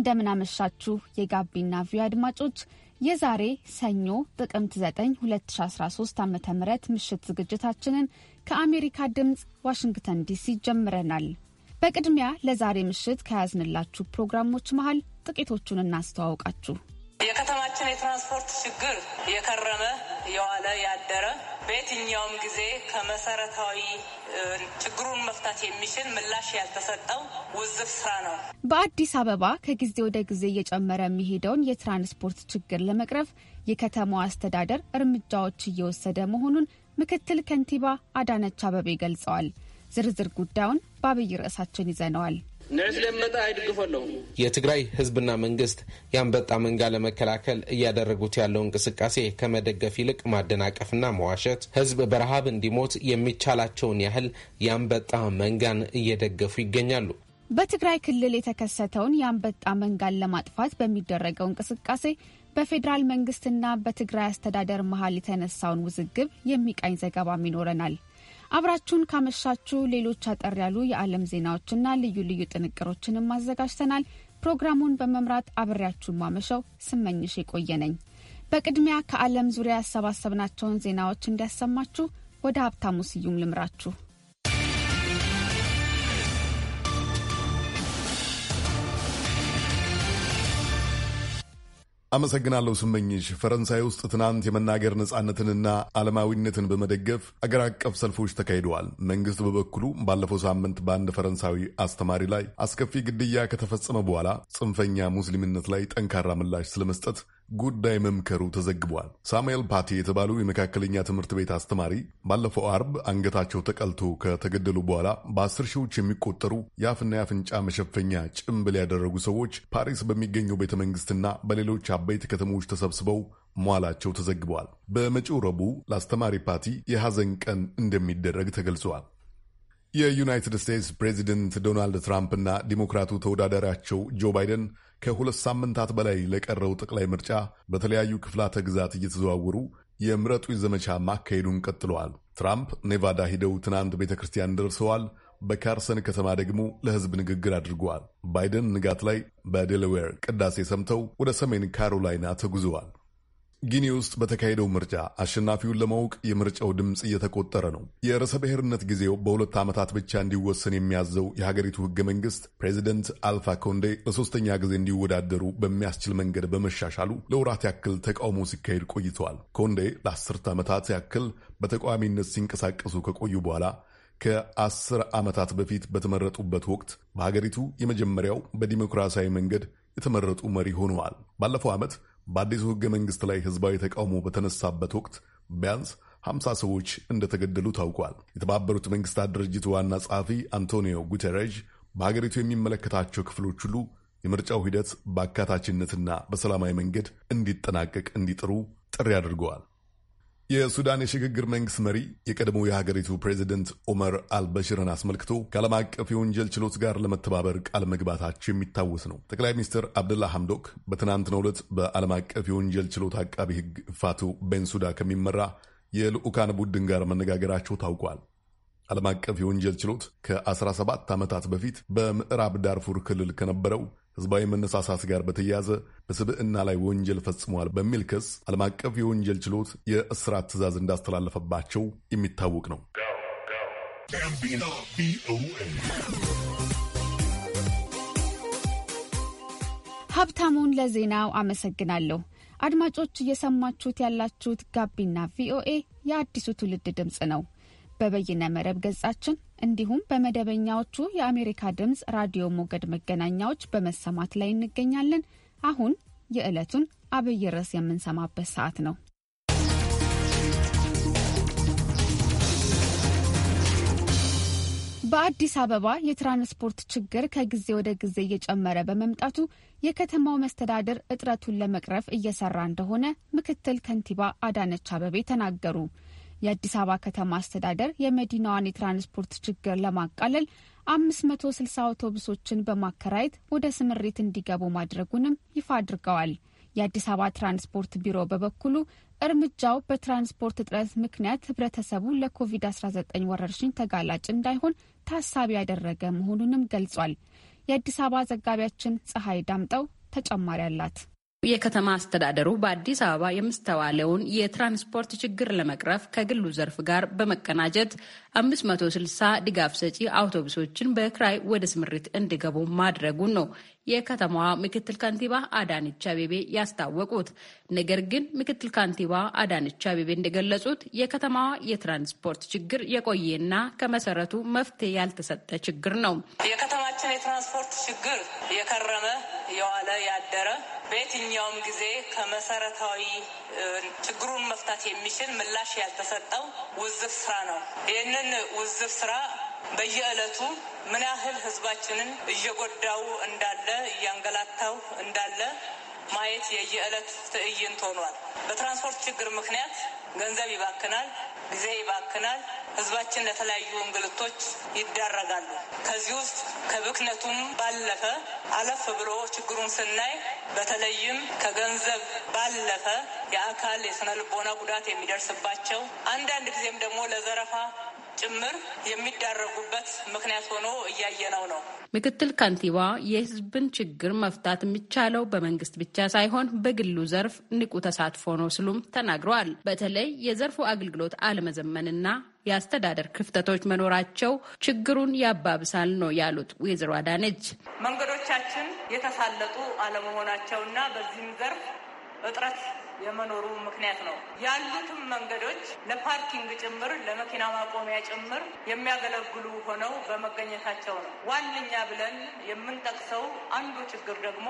እንደምናመሻችሁ የጋቢና ቪዮ አድማጮች የዛሬ ሰኞ ጥቅምት 9 2013 ዓ ም ምሽት ዝግጅታችንን ከአሜሪካ ድምፅ ዋሽንግተን ዲሲ ጀምረናል። በቅድሚያ ለዛሬ ምሽት ከያዝንላችሁ ፕሮግራሞች መሀል ጥቂቶቹን እናስተዋውቃችሁ። የከተማችን የትራንስፖርት ችግር የከረመ የዋለ ያደረ በየትኛውም ጊዜ ከመሰረታዊ ችግሩን መፍታት የሚችል ምላሽ ያልተሰጠው ውዝፍ ስራ ነው። በአዲስ አበባ ከጊዜ ወደ ጊዜ እየጨመረ የሚሄደውን የትራንስፖርት ችግር ለመቅረፍ የከተማዋ አስተዳደር እርምጃዎች እየወሰደ መሆኑን ምክትል ከንቲባ አዳነች አበቤ ገልጸዋል። ዝርዝር ጉዳዩን በአብይ ርዕሳችን ይዘነዋል። የትግራይ ህዝብና መንግስት የአንበጣ መንጋ ለመከላከል እያደረጉት ያለው እንቅስቃሴ ከመደገፍ ይልቅ ማደናቀፍና መዋሸት፣ ህዝብ በረሃብ እንዲሞት የሚቻላቸውን ያህል የአንበጣ መንጋን እየደገፉ ይገኛሉ። በትግራይ ክልል የተከሰተውን የአንበጣ መንጋን ለማጥፋት በሚደረገው እንቅስቃሴ በፌዴራል መንግስትና በትግራይ አስተዳደር መሀል የተነሳውን ውዝግብ የሚቃኝ ዘገባም ይኖረናል። አብራችሁን ካመሻችሁ ሌሎች አጠር ያሉ የዓለም ዜናዎችና ልዩ ልዩ ጥንቅሮችንም አዘጋጅተናል። ፕሮግራሙን በመምራት አብሬያችሁ ማመሸው ስመኝሽ የቆየ ነኝ። በቅድሚያ ከዓለም ዙሪያ ያሰባሰብናቸውን ዜናዎች እንዲያሰማችሁ ወደ ሀብታሙ ስዩም ልምራችሁ። አመሰግናለሁ ስመኝሽ። ፈረንሳይ ውስጥ ትናንት የመናገር ነጻነትንና ዓለማዊነትን በመደገፍ አገር አቀፍ ሰልፎች ተካሂደዋል። መንግስት በበኩሉ ባለፈው ሳምንት በአንድ ፈረንሳዊ አስተማሪ ላይ አስከፊ ግድያ ከተፈጸመ በኋላ ጽንፈኛ ሙስሊምነት ላይ ጠንካራ ምላሽ ስለመስጠት ጉዳይ መምከሩ ተዘግቧል። ሳሙኤል ፓቲ የተባሉ የመካከለኛ ትምህርት ቤት አስተማሪ ባለፈው አርብ አንገታቸው ተቀልቶ ከተገደሉ በኋላ በአስር ሺዎች የሚቆጠሩ የአፍና የአፍንጫ መሸፈኛ ጭምብል ያደረጉ ሰዎች ፓሪስ በሚገኘው ቤተ መንግስትና በሌሎች አበይት ከተሞች ተሰብስበው መዋላቸው ተዘግቧል። በመጪው ረቡዕ ለአስተማሪ ፓቲ የሐዘን ቀን እንደሚደረግ ተገልጿል። የዩናይትድ ስቴትስ ፕሬዚደንት ዶናልድ ትራምፕና ዲሞክራቱ ተወዳዳሪያቸው ጆ ባይደን ከሁለት ሳምንታት በላይ ለቀረው ጠቅላይ ምርጫ በተለያዩ ክፍላተ ግዛት እየተዘዋወሩ የምረጡ ዘመቻ ማካሄዱን ቀጥለዋል። ትራምፕ ኔቫዳ ሂደው ትናንት ቤተ ክርስቲያን ደርሰዋል። በካርሰን ከተማ ደግሞ ለሕዝብ ንግግር አድርገዋል። ባይደን ንጋት ላይ በዴላዌር ቅዳሴ ሰምተው ወደ ሰሜን ካሮላይና ተጉዘዋል። ጊኒ ውስጥ በተካሄደው ምርጫ አሸናፊውን ለማወቅ የምርጫው ድምፅ እየተቆጠረ ነው። የርዕሰ ብሔርነት ጊዜው በሁለት ዓመታት ብቻ እንዲወሰን የሚያዘው የሀገሪቱ ህገ መንግስት ፕሬዚደንት አልፋ ኮንዴ ለሶስተኛ ጊዜ እንዲወዳደሩ በሚያስችል መንገድ በመሻሻሉ ለወራት ያክል ተቃውሞ ሲካሄድ ቆይተዋል። ኮንዴ ለአስርት ዓመታት ያክል በተቃዋሚነት ሲንቀሳቀሱ ከቆዩ በኋላ ከአስር ዓመታት በፊት በተመረጡበት ወቅት በሀገሪቱ የመጀመሪያው በዲሞክራሲያዊ መንገድ የተመረጡ መሪ ሆነዋል። ባለፈው ዓመት በአዲሱ ህገ መንግስት ላይ ህዝባዊ ተቃውሞ በተነሳበት ወቅት ቢያንስ 50 ሰዎች እንደተገደሉ ታውቋል። የተባበሩት መንግስታት ድርጅት ዋና ጸሐፊ አንቶኒዮ ጉተረዥ በሀገሪቱ የሚመለከታቸው ክፍሎች ሁሉ የምርጫው ሂደት በአካታችነትና በሰላማዊ መንገድ እንዲጠናቀቅ እንዲጥሩ ጥሪ አድርገዋል። የሱዳን የሽግግር መንግስት መሪ የቀድሞው የሀገሪቱ ፕሬዚደንት ኦመር አልበሽርን አስመልክቶ ከዓለም አቀፍ የወንጀል ችሎት ጋር ለመተባበር ቃል መግባታቸው የሚታወስ ነው። ጠቅላይ ሚኒስትር አብደላ ሐምዶክ በትናንትናው ዕለት በዓለም አቀፍ የወንጀል ችሎት አቃቢ ሕግ ፋቱ ቤንሱዳ ከሚመራ የልዑካን ቡድን ጋር መነጋገራቸው ታውቋል። ዓለም አቀፍ የወንጀል ችሎት ከ17 ዓመታት በፊት በምዕራብ ዳርፉር ክልል ከነበረው ህዝባዊ መነሳሳት ጋር በተያያዘ በስብዕና ላይ ወንጀል ፈጽሟል በሚል ክስ ዓለም አቀፍ የወንጀል ችሎት የእስራት ትዕዛዝ እንዳስተላለፈባቸው የሚታወቅ ነው። ሀብታሙን ለዜናው አመሰግናለሁ። አድማጮች እየሰማችሁት ያላችሁት ጋቢና ቪኦኤ የአዲሱ ትውልድ ድምፅ ነው። በበይነ መረብ ገጻችን እንዲሁም በመደበኛዎቹ የአሜሪካ ድምፅ ራዲዮ ሞገድ መገናኛዎች በመሰማት ላይ እንገኛለን። አሁን የዕለቱን አብይ ርዕስ የምንሰማበት ሰዓት ነው። በአዲስ አበባ የትራንስፖርት ችግር ከጊዜ ወደ ጊዜ እየጨመረ በመምጣቱ የከተማው መስተዳድር እጥረቱን ለመቅረፍ እየሰራ እንደሆነ ምክትል ከንቲባ አዳነች አበቤ ተናገሩ። የአዲስ አበባ ከተማ አስተዳደር የመዲናዋን የትራንስፖርት ችግር ለማቃለል አምስት መቶ ስልሳ አውቶቡሶችን በማከራየት ወደ ስምሪት እንዲገቡ ማድረጉንም ይፋ አድርገዋል። የአዲስ አበባ ትራንስፖርት ቢሮ በበኩሉ እርምጃው በትራንስፖርት እጥረት ምክንያት ህብረተሰቡ ለኮቪድ-19 ወረርሽኝ ተጋላጭ እንዳይሆን ታሳቢ ያደረገ መሆኑንም ገልጿል። የአዲስ አበባ ዘጋቢያችን ፀሐይ ዳምጠው ተጨማሪ አላት። የከተማ አስተዳደሩ በአዲስ አበባ የምስተዋለውን የትራንስፖርት ችግር ለመቅረፍ ከግሉ ዘርፍ ጋር በመቀናጀት 560 ድጋፍ ሰጪ አውቶቡሶችን በክራይ ወደ ስምሪት እንዲገቡ ማድረጉን ነው የከተማዋ ምክትል ከንቲባ አዳነች አቤቤ ያስታወቁት። ነገር ግን ምክትል ከንቲባ አዳነች አቤቤ እንደገለጹት የከተማዋ የትራንስፖርት ችግር የቆየና ከመሰረቱ መፍትሄ ያልተሰጠ ችግር ነው። የከተማችን የትራንስፖርት ችግር የከረመ የዋለ ያደረ በየትኛውም ጊዜ ከመሰረታዊ ችግሩን መፍታት የሚችል ምላሽ ያልተሰጠው ውዝፍ ስራ ነው። ይህንን ውዝፍ ስራ በየዕለቱ ምን ያህል ህዝባችንን እየጎዳው እንዳለ እያንገላታው እንዳለ ማየት የየዕለት ትዕይንት ሆኗል። በትራንስፖርት ችግር ምክንያት ገንዘብ ይባክናል። ጊዜ ይባክናል፣ ህዝባችን ለተለያዩ እንግልቶች ይዳረጋሉ። ከዚህ ውስጥ ከብክነቱም ባለፈ አለፍ ብሎ ችግሩን ስናይ በተለይም ከገንዘብ ባለፈ የአካል የስነ ልቦና ጉዳት የሚደርስባቸው አንዳንድ ጊዜም ደግሞ ለዘረፋ ጭምር የሚዳረጉበት ምክንያት ሆኖ እያየነው ነው። ምክትል ከንቲባ የህዝብን ችግር መፍታት የሚቻለው በመንግስት ብቻ ሳይሆን በግሉ ዘርፍ ንቁ ተሳትፎ ነው ሲሉም ተናግረዋል። በተለይ የዘርፉ አገልግሎት አለመዘመንና የአስተዳደር ክፍተቶች መኖራቸው ችግሩን ያባብሳል ነው ያሉት ወይዘሮ አዳነች መንገዶቻችን የተሳለጡ አለመሆናቸውና በዚህም ዘርፍ እጥረት የመኖሩ ምክንያት ነው። ያሉትም መንገዶች ለፓርኪንግ ጭምር ለመኪና ማቆሚያ ጭምር የሚያገለግሉ ሆነው በመገኘታቸው ነው። ዋነኛ ብለን የምንጠቅሰው አንዱ ችግር ደግሞ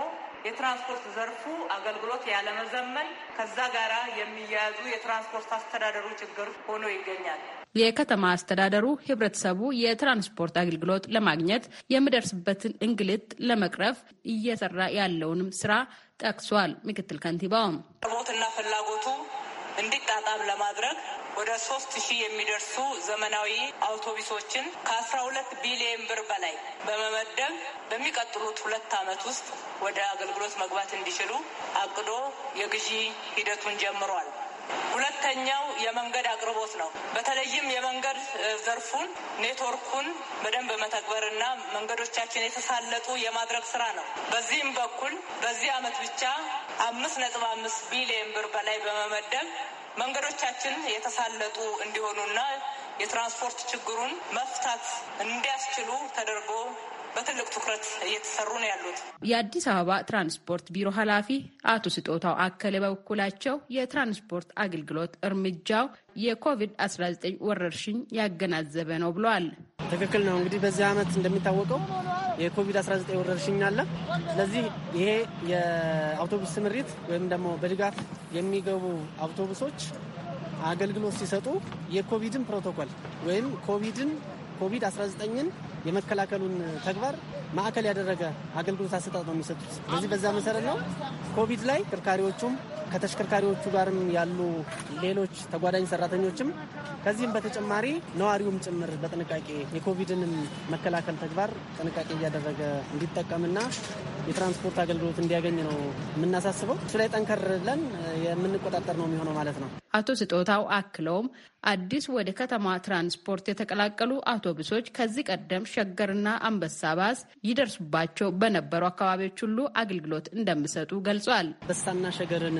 የትራንስፖርት ዘርፉ አገልግሎት ያለመዘመን ከዛ ጋራ የሚያያዙ የትራንስፖርት አስተዳደሩ ችግር ሆኖ ይገኛል። የከተማ አስተዳደሩ ህብረተሰቡ የትራንስፖርት አገልግሎት ለማግኘት የሚደርስበትን እንግልት ለመቅረፍ እየሰራ ያለውንም ስራ ጠቅሷል። ምክትል ከንቲባውም ሞትና ፍላጎቱ እንዲጣጣም ለማድረግ ወደ ሶስት ሺህ የሚደርሱ ዘመናዊ አውቶቡሶችን ከአስራ ሁለት ቢሊየን ብር በላይ በመመደብ በሚቀጥሉት ሁለት ዓመት ውስጥ ወደ አገልግሎት መግባት እንዲችሉ አቅዶ የግዢ ሂደቱን ጀምሯል። ሁለተኛው የመንገድ አቅርቦት ነው። በተለይም የመንገድ ዘርፉን ኔትወርኩን በደንብ መተግበርና መንገዶቻችን የተሳለጡ የማድረግ ስራ ነው። በዚህም በኩል በዚህ አመት ብቻ አምስት ነጥብ አምስት ቢሊየን ብር በላይ በመመደብ መንገዶቻችን የተሳለጡ እንዲሆኑና የትራንስፖርት ችግሩን መፍታት እንዲያስችሉ ተደርጎ በትልቅ ትኩረት እየተሰሩ ነው ያሉት የአዲስ አበባ ትራንስፖርት ቢሮ ኃላፊ አቶ ስጦታው አከለ በበኩላቸው የትራንስፖርት አገልግሎት እርምጃው የኮቪድ-19 ወረርሽኝ ያገናዘበ ነው ብለዋል። ትክክል ነው። እንግዲህ በዚህ ዓመት እንደሚታወቀው የኮቪድ-19 ወረርሽኝ አለ። ስለዚህ ይሄ የአውቶቡስ ስምሪት ወይም ደግሞ በድጋፍ የሚገቡ አውቶቡሶች አገልግሎት ሲሰጡ የኮቪድን ፕሮቶኮል ወይም ኮቪድን ኮቪድ-19ን የመከላከሉን ተግባር ማዕከል ያደረገ አገልግሎት አሰጣጥ ነው የሚሰጡት። ስለዚህ በዛ መሰረት ነው ኮቪድ ላይ ክርካሪዎቹም ከተሽከርካሪዎቹ ጋርም ያሉ ሌሎች ተጓዳኝ ሰራተኞችም ከዚህም በተጨማሪ ነዋሪውም ጭምር በጥንቃቄ የኮቪድንም መከላከል ተግባር ጥንቃቄ እያደረገ እንዲጠቀምና የትራንስፖርት አገልግሎት እንዲያገኝ ነው የምናሳስበው። እሱ ላይ ጠንከር ብለን የምንቆጣጠር ነው የሚሆነው ማለት ነው። አቶ ስጦታው አክለውም አዲስ ወደ ከተማ ትራንስፖርት የተቀላቀሉ አውቶቡሶች ከዚህ ቀደም ሸገርና አንበሳ ባስ ይደርሱባቸው በነበሩ አካባቢዎች ሁሉ አገልግሎት እንደሚሰጡ ገልጿል። አንበሳና ሸገርን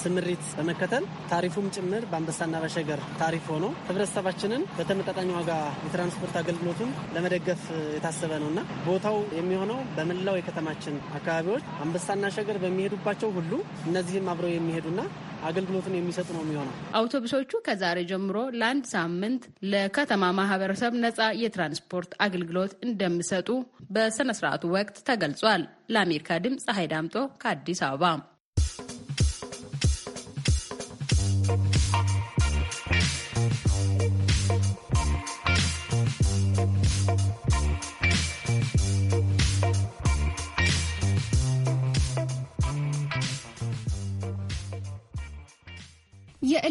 ስምሪት በመከተል ታሪፉም ጭምር በአንበሳና በሸገር ታሪፍ ሆኖ ህብረተሰባችንን በተመጣጣኝ ዋጋ የትራንስፖርት አገልግሎቱን ለመደገፍ የታሰበ ነው እና ቦታው የሚሆነው በመላው የከተማችን አካባቢዎች አንበሳና ሸገር በሚሄዱባቸው ሁሉ እነዚህም አብረው የሚሄዱና አገልግሎትን የሚሰጡ ነው የሚሆነው። አውቶቡሶቹ ከዛሬ ጀምሮ ለአንድ ሳምንት ለከተማ ማህበረሰብ ነጻ የትራንስፖርት አገልግሎት እንደሚሰጡ በስነስርዓቱ ወቅት ተገልጿል። ለአሜሪካ ድምፅ ፀሐይ ዳምጦ ከአዲስ አበባ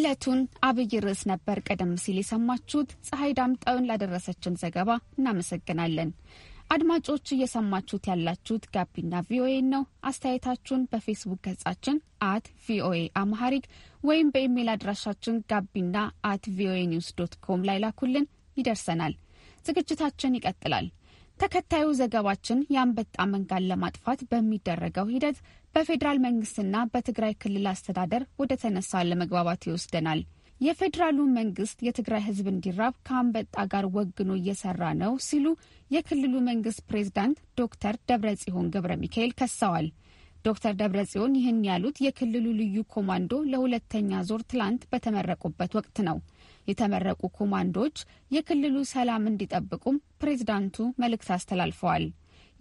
የዕለቱን አብይ ርዕስ ነበር ቀደም ሲል የሰማችሁት። ፀሐይ ዳምጠውን ላደረሰችን ዘገባ እናመሰግናለን። አድማጮች እየሰማችሁት ያላችሁት ጋቢና ቪኦኤ ነው። አስተያየታችሁን በፌስቡክ ገጻችን አት ቪኦኤ አማሐሪክ ወይም በኢሜይል አድራሻችን ጋቢና አት ቪኦኤ ኒውስ ዶት ኮም ላይ ላኩልን፣ ይደርሰናል። ዝግጅታችን ይቀጥላል። ተከታዩ ዘገባችን የአንበጣ መንጋን ለማጥፋት በሚደረገው ሂደት በፌዴራል መንግስትና በትግራይ ክልል አስተዳደር ወደ ተነሳ ለመግባባት ይወስደናል። የፌዴራሉ መንግስት የትግራይ ህዝብ እንዲራብ ከአንበጣ ጋር ወግኖ እየሰራ ነው ሲሉ የክልሉ መንግስት ፕሬዝዳንት ዶክተር ደብረጽዮን ገብረ ሚካኤል ከሰዋል። ዶክተር ደብረጽዮን ይህን ያሉት የክልሉ ልዩ ኮማንዶ ለሁለተኛ ዞር ትላንት በተመረቁበት ወቅት ነው። የተመረቁ ኮማንዶዎች የክልሉ ሰላም እንዲጠብቁም ፕሬዝዳንቱ መልእክት አስተላልፈዋል።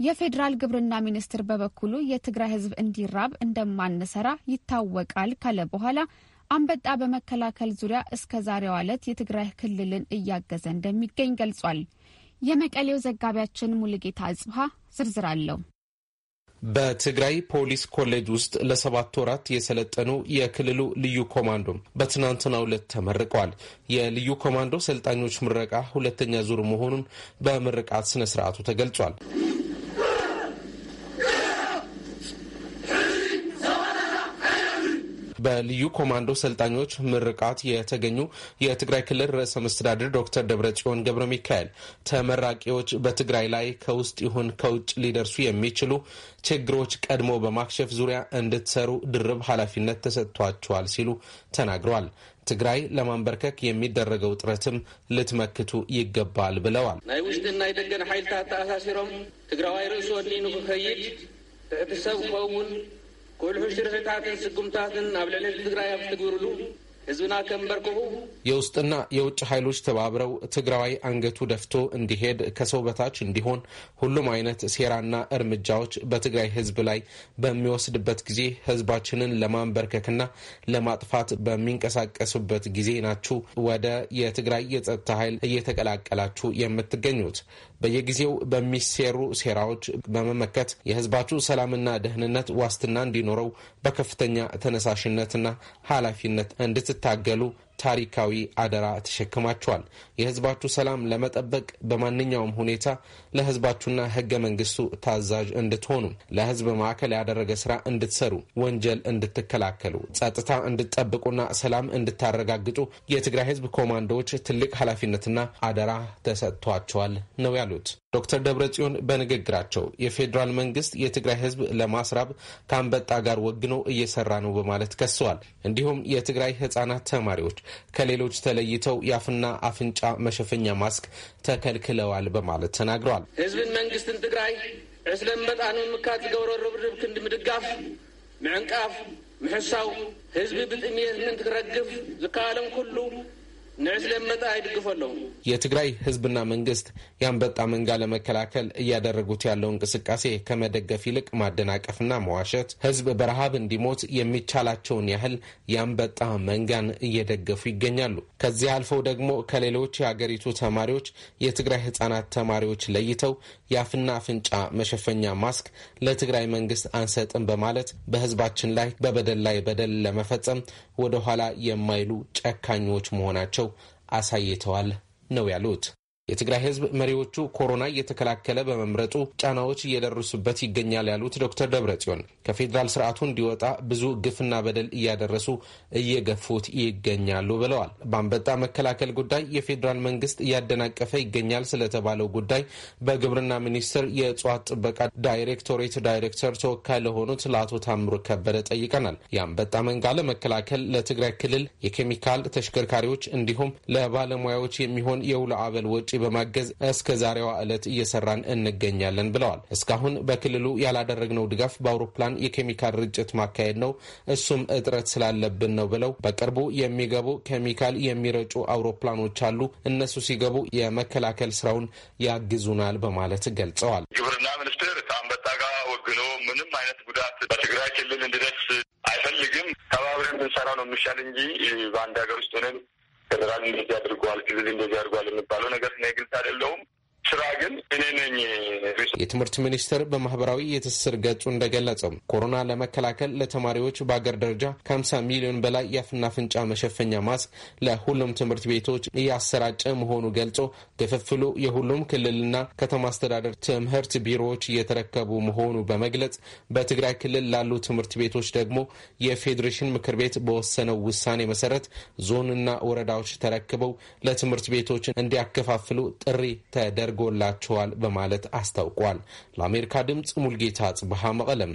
የፌዴራል ግብርና ሚኒስትር በበኩሉ የትግራይ ሕዝብ እንዲራብ እንደማንሰራ ይታወቃል ካለ በኋላ አንበጣ በመከላከል ዙሪያ እስከ ዛሬዋ ዕለት የትግራይ ክልልን እያገዘ እንደሚገኝ ገልጿል። የመቀሌው ዘጋቢያችን ሙልጌታ አጽብሃ ዝርዝር አለው። በትግራይ ፖሊስ ኮሌጅ ውስጥ ለሰባት ወራት የሰለጠኑ የክልሉ ልዩ ኮማንዶ በትናንትናው ዕለት ተመርቀዋል። የልዩ ኮማንዶ ሰልጣኞች ምረቃ ሁለተኛ ዙር መሆኑን በምርቃት ስነ ስርዓቱ ተገልጿል። በልዩ ኮማንዶ ሰልጣኞች ምርቃት የተገኙ የትግራይ ክልል ርዕሰ መስተዳድር ዶክተር ደብረጽዮን ገብረ ሚካኤል ተመራቂዎች በትግራይ ላይ ከውስጥ ይሁን ከውጭ ሊደርሱ የሚችሉ ችግሮች ቀድሞ በማክሸፍ ዙሪያ እንድትሰሩ ድርብ ኃላፊነት ተሰጥቷቸዋል ሲሉ ተናግረዋል። ትግራይ ለማንበርከክ የሚደረገው ጥረትም ልትመክቱ ይገባል ብለዋል። ናይ ውሽጥን ናይ ደገን ሓይልታት ተኣሳሲሮም ትግራዋይ ርእሶ ወዲኑ ክኸይድ ትሕቲ ሰብ ክኸውን ኮልሁ ሽርፍታትን ስጉምታትን ኣብ ልዕሊ ትግራይ ኣብ ዝትግብርሉ የውስጥና የውጭ ኃይሎች ተባብረው ትግራዋይ አንገቱ ደፍቶ እንዲሄድ ከሰው በታች እንዲሆን ሁሉም አይነት ሴራና እርምጃዎች በትግራይ ህዝብ ላይ በሚወስድበት ጊዜ ህዝባችንን ለማንበርከክና ለማጥፋት በሚንቀሳቀሱበት ጊዜ ናችሁ ወደ የትግራይ የጸጥታ ኃይል እየተቀላቀላችሁ የምትገኙት። በየጊዜው በሚሰሩ ሴራዎች በመመከት የህዝባችሁ ሰላምና ደህንነት ዋስትና እንዲኖረው በከፍተኛ ተነሳሽነትና ኃላፊነት እንድት ስትታገሉ ታሪካዊ አደራ ተሸክማችኋል። የህዝባችሁ ሰላም ለመጠበቅ በማንኛውም ሁኔታ ለህዝባችሁና ህገ መንግስቱ ታዛዥ እንድትሆኑ፣ ለህዝብ ማዕከል ያደረገ ስራ እንድትሰሩ፣ ወንጀል እንድትከላከሉ፣ ጸጥታ እንድትጠብቁና ሰላም እንድታረጋግጡ የትግራይ ህዝብ ኮማንዶዎች ትልቅ ኃላፊነትና አደራ ተሰጥቷቸዋል ነው ያሉት። ዶክተር ደብረጽዮን በንግግራቸው የፌዴራል መንግስት የትግራይ ህዝብ ለማስራብ ከአንበጣ ጋር ወግኖ እየሰራ ነው በማለት ከሰዋል። እንዲሁም የትግራይ ህጻናት ተማሪዎች ከሌሎች ተለይተው የአፍና አፍንጫ መሸፈኛ ማስክ ተከልክለዋል በማለት ተናግረዋል። ህዝብን መንግስትን ትግራይ እስለም በጣን ምካት ዝገብሮ ርብርብ ክንዲ ምድጋፍ ምዕንቃፍ ምሕሳው ህዝቢ ብጥሜትን እንትክረግፍ ዝከኣሎም ኩሉ የትግራይ ህዝብና መንግስት የአንበጣ መንጋ ለመከላከል እያደረጉት ያለው እንቅስቃሴ ከመደገፍ ይልቅ ማደናቀፍና መዋሸት፣ ህዝብ በረሃብ እንዲሞት የሚቻላቸውን ያህል የአንበጣ መንጋን እየደገፉ ይገኛሉ። ከዚህ አልፈው ደግሞ ከሌሎች የአገሪቱ ተማሪዎች የትግራይ ህጻናት ተማሪዎች ለይተው የአፍና አፍንጫ መሸፈኛ ማስክ ለትግራይ መንግስት አንሰጥም በማለት በህዝባችን ላይ በበደል ላይ በደል ለመፈጸም ወደኋላ የማይሉ ጨካኞች መሆናቸው አሳይተዋል ነው ያሉት። የትግራይ ህዝብ መሪዎቹ ኮሮና እየተከላከለ በመምረጡ ጫናዎች እየደረሱበት ይገኛል ያሉት ዶክተር ደብረ ጽዮን ከፌዴራል ስርዓቱ እንዲወጣ ብዙ ግፍና በደል እያደረሱ እየገፉት ይገኛሉ ብለዋል። በአንበጣ መከላከል ጉዳይ የፌዴራል መንግስት እያደናቀፈ ይገኛል ስለተባለው ጉዳይ በግብርና ሚኒስቴር የእጽዋት ጥበቃ ዳይሬክቶሬት ዳይሬክተር ተወካይ ለሆኑት ለአቶ ታምሩ ከበደ ጠይቀናል። የአንበጣ መንጋ ለመከላከል ለትግራይ ክልል የኬሚካል ተሽከርካሪዎች እንዲሁም ለባለሙያዎች የሚሆን የውሎ አበል ወጪ በማገዝ እስከ ዛሬዋ ዕለት እየሰራን እንገኛለን ብለዋል። እስካሁን በክልሉ ያላደረግነው ድጋፍ በአውሮፕላን የኬሚካል ርጭት ማካሄድ ነው። እሱም እጥረት ስላለብን ነው ብለው በቅርቡ የሚገቡ ኬሚካል የሚረጩ አውሮፕላኖች አሉ። እነሱ ሲገቡ የመከላከል ስራውን ያግዙናል በማለት ገልጸዋል። ግብርና ሚኒስቴር ከአንበጣ ጋር ወግኖ ምንም አይነት ጉዳት በትግራይ ክልል እንድደርስ አይፈልግም። ተባብረን ብንሰራ ነው የሚሻል እንጂ በአንድ ሀገር ውስጥ ሆነን ፌደራል እንደዚህ አድርጓል ክልል እንደዚህ አድርጓል የሚባለው ነገር እኔ ግልጽ አይደለውም። ስራ ግን እኔ ነኝ። የትምህርት ሚኒስቴር በማህበራዊ የትስስር ገጹ እንደገለጸው ኮሮና ለመከላከል ለተማሪዎች በአገር ደረጃ ከ5ምሳ ሚሊዮን በላይ የአፍና አፍንጫ መሸፈኛ ማስክ ለሁሉም ትምህርት ቤቶች እያሰራጨ መሆኑ ገልጾ ክፍፍሉ የሁሉም ክልልና ከተማ አስተዳደር ትምህርት ቢሮዎች እየተረከቡ መሆኑ በመግለጽ በትግራይ ክልል ላሉ ትምህርት ቤቶች ደግሞ የፌዴሬሽን ምክር ቤት በወሰነው ውሳኔ መሰረት ዞንና ወረዳዎች ተረክበው ለትምህርት ቤቶች እንዲያከፋፍሉ ጥሪ ተደርጓል። ተደርጎላቸዋል በማለት አስታውቋል። ለአሜሪካ ድምፅ ሙልጌታ ጽብሃ መቀለም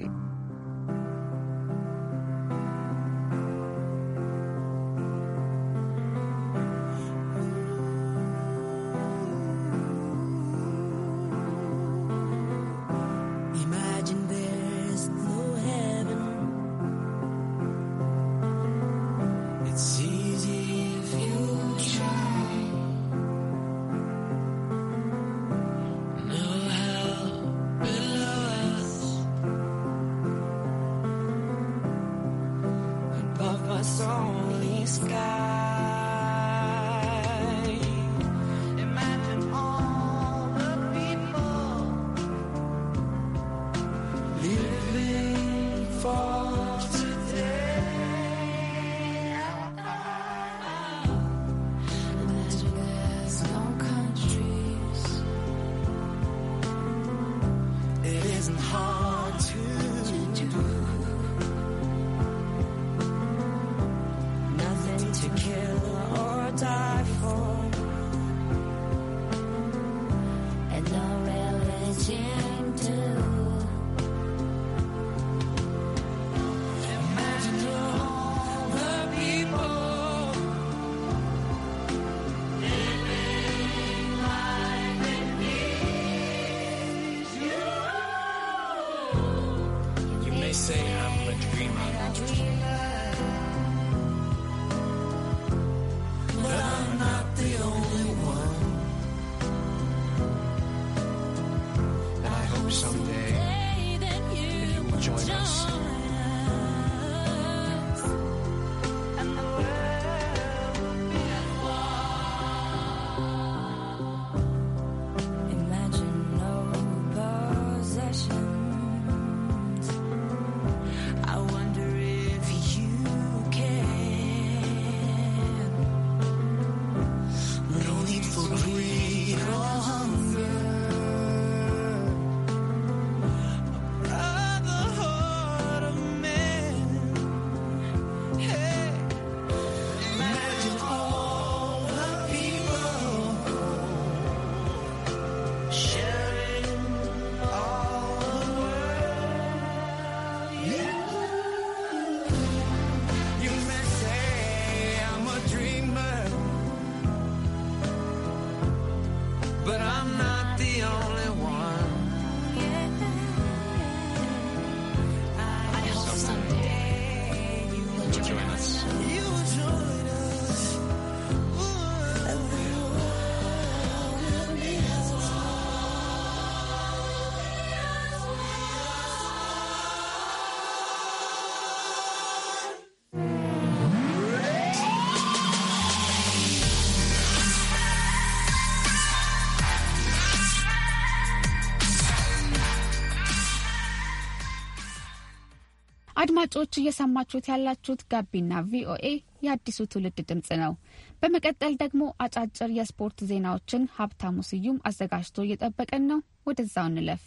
አድማጮች እየሰማችሁት ያላችሁት ጋቢና ቪኦኤ የአዲሱ ትውልድ ድምፅ ነው። በመቀጠል ደግሞ አጫጭር የስፖርት ዜናዎችን ሀብታሙ ስዩም አዘጋጅቶ እየጠበቀን ነው። ወደዛው እንለፍ።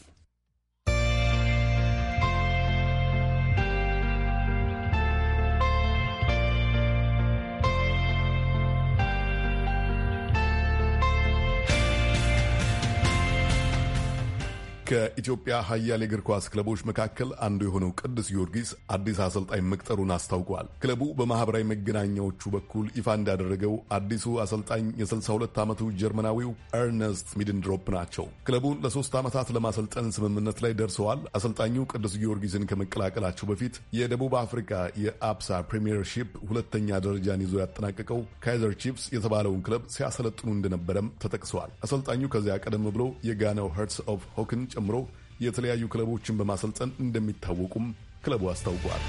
ከኢትዮጵያ ሀያል የእግር ኳስ ክለቦች መካከል አንዱ የሆነው ቅዱስ ጊዮርጊስ አዲስ አሰልጣኝ መቅጠሩን አስታውቋል። ክለቡ በማህበራዊ መገናኛዎቹ በኩል ይፋ እንዳደረገው አዲሱ አሰልጣኝ የ62 ዓመቱ ጀርመናዊው ኤርነስት ሚድንድሮፕ ናቸው። ክለቡን ለሶስት ዓመታት ለማሰልጠን ስምምነት ላይ ደርሰዋል። አሰልጣኙ ቅዱስ ጊዮርጊስን ከመቀላቀላቸው በፊት የደቡብ አፍሪካ የአብሳ ፕሪምየርሺፕ ሁለተኛ ደረጃን ይዞ ያጠናቀቀው ካይዘር ቺፍስ የተባለውን ክለብ ሲያሰለጥኑ እንደነበረም ተጠቅሰዋል። አሰልጣኙ ከዚያ ቀደም ብሎ የጋናው ሄርትስ ኦፍ ሆክን ጨምሮ የተለያዩ ክለቦችን በማሰልጠን እንደሚታወቁም ክለቡ አስታውቋል።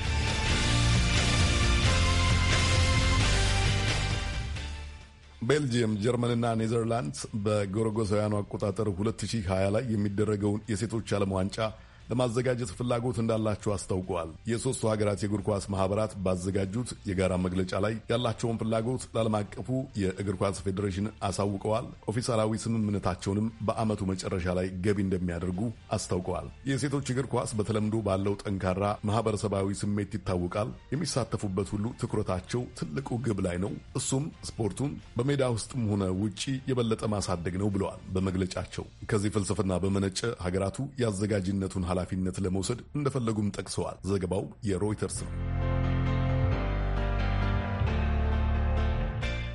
ቤልጅየም፣ ጀርመንና ኔዘርላንድስ በጎረጎሳውያኑ አቆጣጠር 2020 ላይ የሚደረገውን የሴቶች ዓለም ዋንጫ ለማዘጋጀት ፍላጎት እንዳላቸው አስታውቀዋል። የሦስቱ ሀገራት የእግር ኳስ ማኅበራት ባዘጋጁት የጋራ መግለጫ ላይ ያላቸውን ፍላጎት ለዓለም አቀፉ የእግር ኳስ ፌዴሬሽን አሳውቀዋል። ኦፊሳላዊ ስምምነታቸውንም በዓመቱ መጨረሻ ላይ ገቢ እንደሚያደርጉ አስታውቀዋል። የሴቶች እግር ኳስ በተለምዶ ባለው ጠንካራ ማኅበረሰባዊ ስሜት ይታወቃል። የሚሳተፉበት ሁሉ ትኩረታቸው ትልቁ ግብ ላይ ነው። እሱም ስፖርቱን በሜዳ ውስጥም ሆነ ውጪ የበለጠ ማሳደግ ነው ብለዋል በመግለጫቸው። ከዚህ ፍልስፍና በመነጨ ሀገራቱ የአዘጋጅነቱን ኃላፊነት ለመውሰድ እንደፈለጉም ጠቅሰዋል። ዘገባው የሮይተርስ ነው።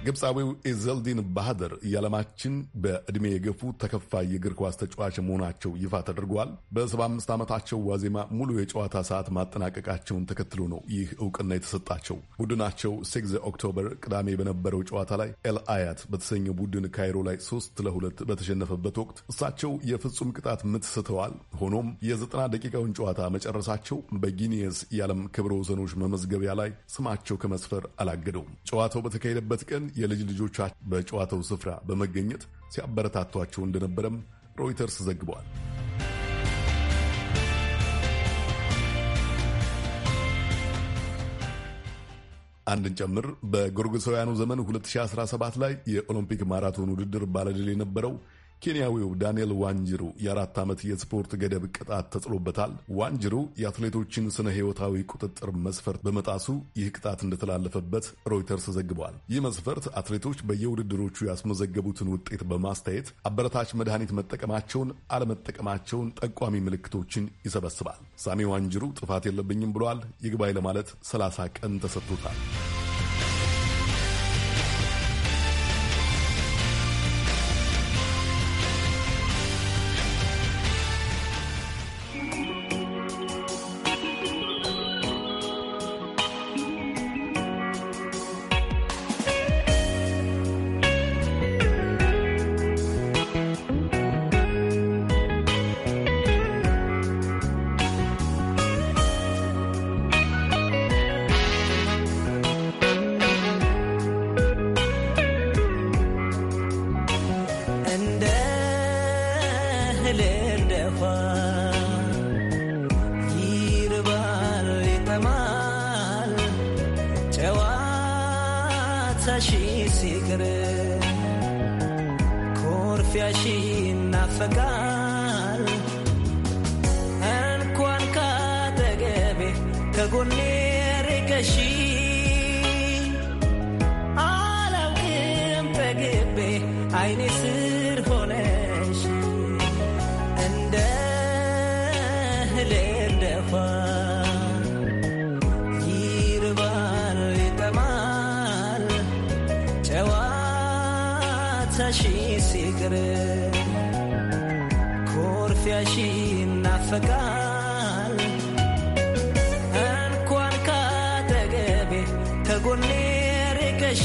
ግብፃዊው ኢዘልዲን ባህደር የዓለማችን በዕድሜ የገፉ ተከፋይ የእግር ኳስ ተጫዋች መሆናቸው ይፋ ተደርጓል። በ75 ዓመታቸው ዋዜማ ሙሉ የጨዋታ ሰዓት ማጠናቀቃቸውን ተከትሎ ነው ይህ እውቅና የተሰጣቸው። ቡድናቸው ሴግዘ ኦክቶበር ቅዳሜ በነበረው ጨዋታ ላይ ኤልአያት በተሰኘው ቡድን ካይሮ ላይ ሶስት ለሁለት በተሸነፈበት ወቅት እሳቸው የፍጹም ቅጣት ምት ስተዋል። ሆኖም የዘጠና ደቂቃውን ጨዋታ መጨረሳቸው በጊኒየስ የዓለም ክብረ ወሰኖች መመዝገቢያ ላይ ስማቸው ከመስፈር አላገደውም። ጨዋታው በተካሄደበት ቀን የልጅ ልጆቻቸው በጨዋታው ስፍራ በመገኘት ሲያበረታቷቸው እንደነበረም ሮይተርስ ዘግቧል። አንድን ጨምር በጎርጎሳውያኑ ዘመን 2017 ላይ የኦሎምፒክ ማራቶን ውድድር ባለድል የነበረው ኬንያዊው ዳንኤል ዋንጅሩ የአራት ዓመት የስፖርት ገደብ ቅጣት ተጥሎበታል። ዋንጅሩ የአትሌቶችን ስነ ሕይወታዊ ቁጥጥር መስፈርት በመጣሱ ይህ ቅጣት እንደተላለፈበት ሮይተርስ ዘግቧል። ይህ መስፈርት አትሌቶች በየውድድሮቹ ያስመዘገቡትን ውጤት በማስተያየት አበረታች መድኃኒት መጠቀማቸውን፣ አለመጠቀማቸውን ጠቋሚ ምልክቶችን ይሰበስባል። ሳሚ ዋንጅሩ ጥፋት የለብኝም ብሏል። ይግባኝ ለማለት 30 ቀን ተሰጥቶታል። ሲቅር ኮርፊያሽ ይናፈቃል እንኳን ካጠገቤ ከጎኔ ርቀሽ ኮርፊያሺ ይናፈቃል እንኳን ካጠገቤ ተጎኔ ርቀሽ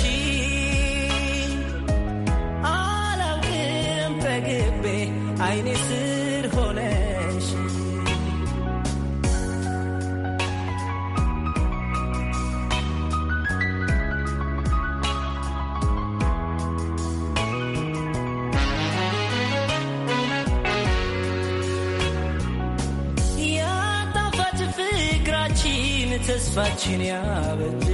አላውቅም ጠግቤ አይኔ ስር ሆነሽ ተስፋችን ያበድ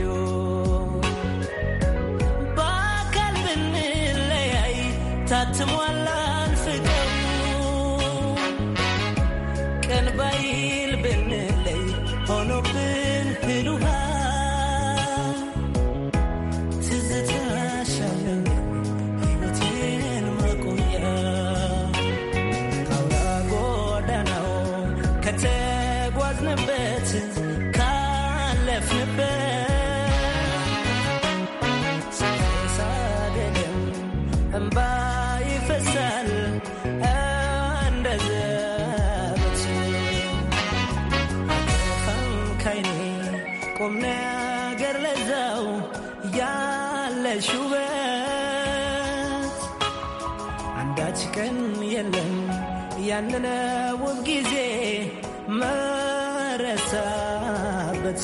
ያንን ውብ ጊዜ መረሳበት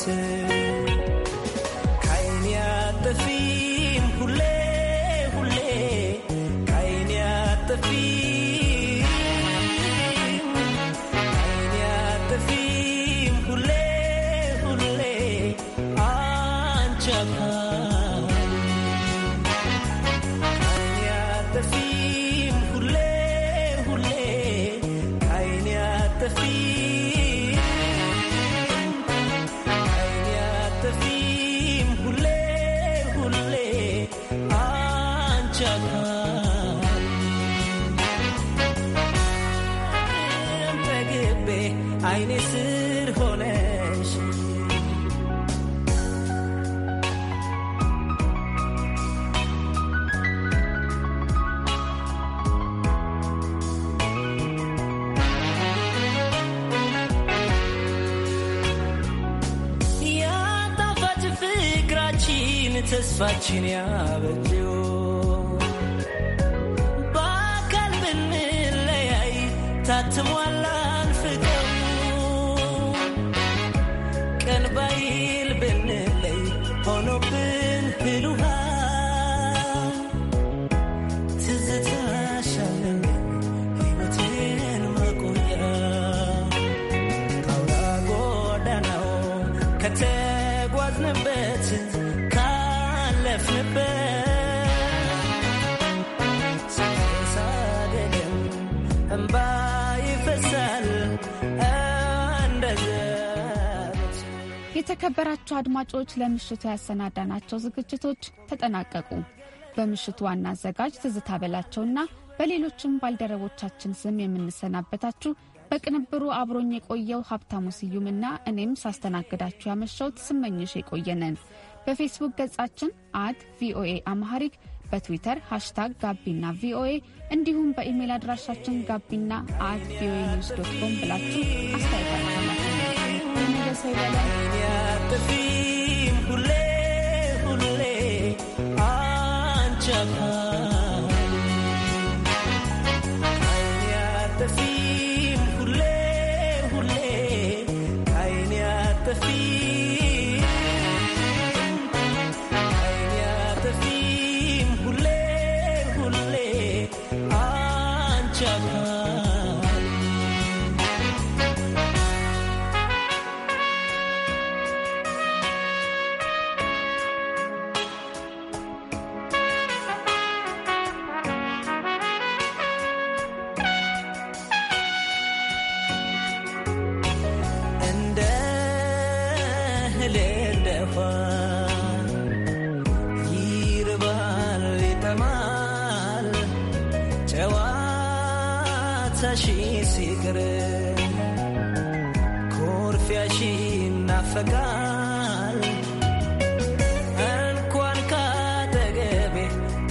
አይኔ ስር ሆነሽ ያጣፋጭ ፍቅራችን ተስፋችን ያበጀው የተከበራችሁ አድማጮች ለምሽቱ ያሰናዳናቸው ዝግጅቶች ተጠናቀቁ። በምሽቱ ዋና አዘጋጅ ትዝታ በላቸውና በሌሎችም ባልደረቦቻችን ስም የምንሰናበታችሁ በቅንብሩ አብሮኝ የቆየው ሀብታሙ ስዩምና እኔም ሳስተናግዳችሁ ያመሸውት ስመኝሽ የቆየነን። በፌስቡክ ገጻችን አት ቪኦኤ አማሐሪክ በትዊተር ሃሽታግ ጋቢና ቪኦኤ እንዲሁም በኢሜይል አድራሻችን ጋቢና አት ቪኦኤ ኒውስ ዶት ኮም ብላችሁ አስተያየታችሁ I'm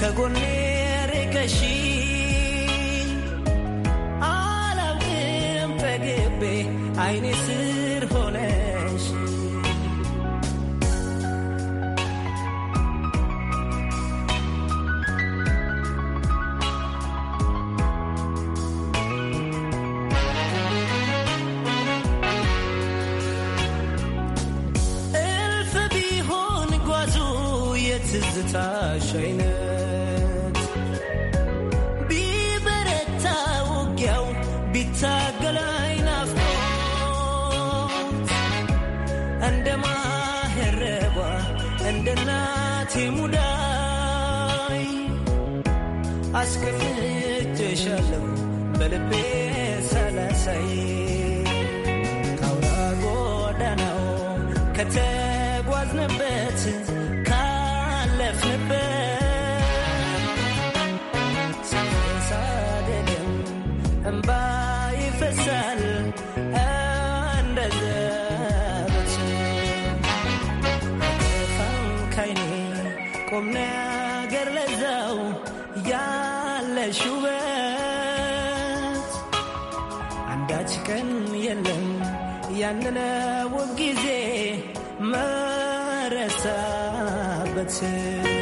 ከጎኔ ርቀሽ አላውቅም ፈግቤ አይኔስ ከተጓዝንበት ካለፍንበት ሳደግም እምባ ይፈሳል እንደ ዘበት ፋንካይኔ ቁም ነገር ለዛው ያለሽ ውበት አንዳች ቀን የለም ያንነውብ ጊዜ መረሳበት